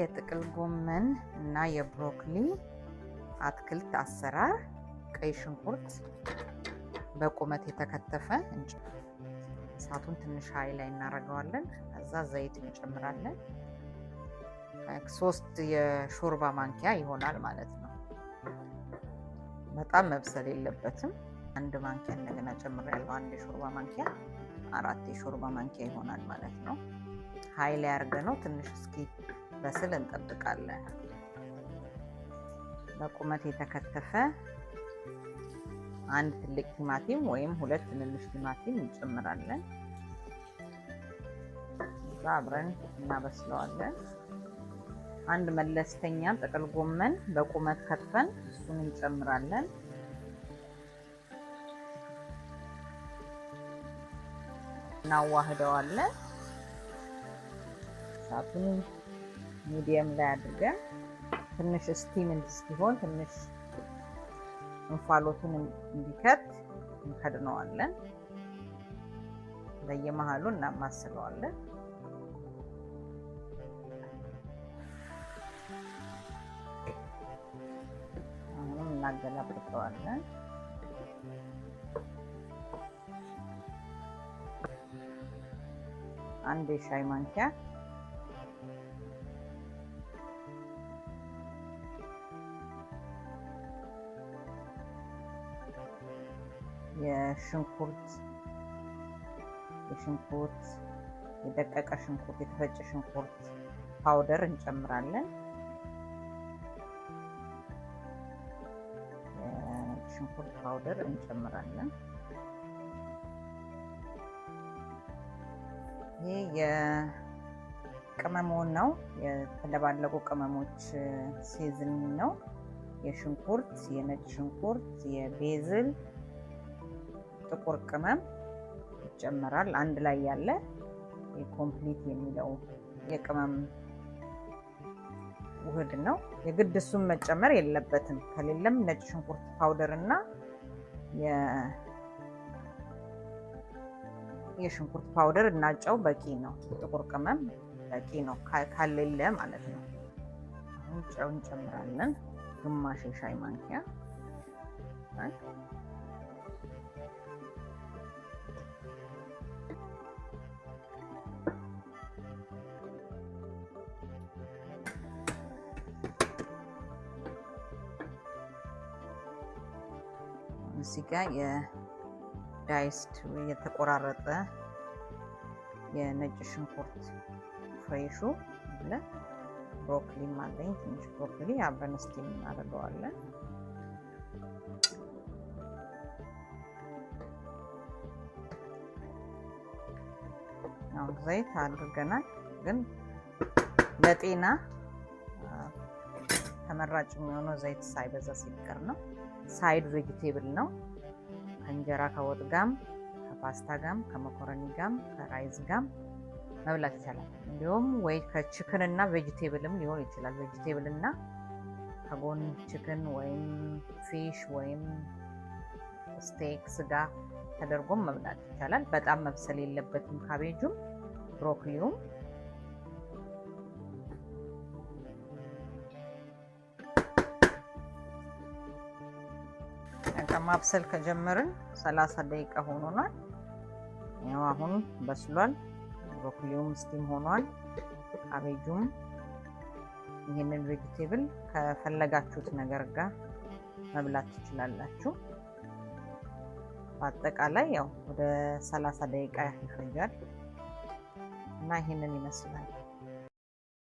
የጥቅል ጎመን እና የብሮኮሊ አትክልት አሰራር ቀይ ሽንኩርት በቁመት የተከተፈ እሳቱን ትንሽ ሀይ ላይ እናደርገዋለን። ከዛ ዘይት እንጨምራለን። ሶስት የሾርባ ማንኪያ ይሆናል ማለት ነው። በጣም መብሰል የለበትም። አንድ ማንኪያ እንደገና ጨምሬያለሁ። አንድ የሾርባ ማንኪያ አራት የሾርባ ማንኪያ ይሆናል ማለት ነው። ሀይ ላይ አድርገ ነው ትንሽ እስኪ በስል እንጠብቃለን። በቁመት የተከተፈ አንድ ትልቅ ቲማቲም ወይም ሁለት ትንንሽ ቲማቲም እንጨምራለን። እዛ አብረን እናበስለዋለን። አንድ መለስተኛ ጥቅል ጎመን በቁመት ከትፈን እሱን እንጨምራለን። እናዋህደዋለን። እሳቱን ሚዲየም ላይ አድርገን ትንሽ ስቲም እንዲስቲሆን ትንሽ እንፋሎቱን እንዲከት እንከድነዋለን። በየመሀሉ እናማስለዋለን። አሁንም እናገላብጠዋለን። አንድ የሻይ ማንኪያ የሽንኩርት የሽንኩርት የደቀቀ ሽንኩርት የተፈጨ ሽንኩርት ፓውደር እንጨምራለን። ሽንኩርት ፓውደር እንጨምራለን። ይህ የቅመሙን ነው፣ የተለባለቁ ቅመሞች ሲዝን ነው። የሽንኩርት የነጭ ሽንኩርት የቤዝል ጥቁር ቅመም ይጨመራል። አንድ ላይ ያለ የኮምፕሊት የሚለው የቅመም ውህድ ነው። የግድ እሱን መጨመር የለበትም። ከሌለም ነጭ ሽንኩርት ፓውደር እና የሽንኩርት ፓውደር እና ጨው በቂ ነው። ጥቁር ቅመም በቂ ነው ካሌለ ማለት ነው። አሁን ጨው እንጨምራለን ግማሽ የሻይ ማንኪያ እዚህ ጋር የዳይስት የተቆራረጠ የነጭ ሽንኩርት ፍሬሹ አለ። ብሮኮሊም አለኝ ትንሽ ብሮኮሊ አብረን እስቲ እናደርገዋለን። አሁን ዘይት አድርገናል፣ ግን ለጤና ተመራጭ የሚሆነው ዘይት ሳይበዛ ሲቀር ነው። ሳይድ ቬጅቴብል ነው። ከእንጀራ ከወጥ ጋም፣ ከፓስታ ጋም፣ ከመኮረኒ ጋም፣ ከራይዝ ጋም መብላት ይቻላል። እንዲሁም ወይ ከችክን እና ቬጅቴብልም ሊሆን ይችላል። ቬጅቴብል እና ከጎን ችክን ወይም ፊሽ ወይም ስቴክ ስጋ ተደርጎም መብላት ይቻላል። በጣም መብሰል የለበትም። ካቤጁም ብሮኮሊውም ከማብሰል ከጀመርን 30 ደቂቃ ሆኖናል። ያው አሁን በስሏል። ብሮኮሊውም ስቲም ሆኗል። ካቤጁም ይህንን ቬጅቴብል ከፈለጋችሁት ነገር ጋር መብላት ትችላላችሁ። በአጠቃላይ ያው ወደ 30 ደቂቃ ይፈጃል እና ይህንን ይመስላል።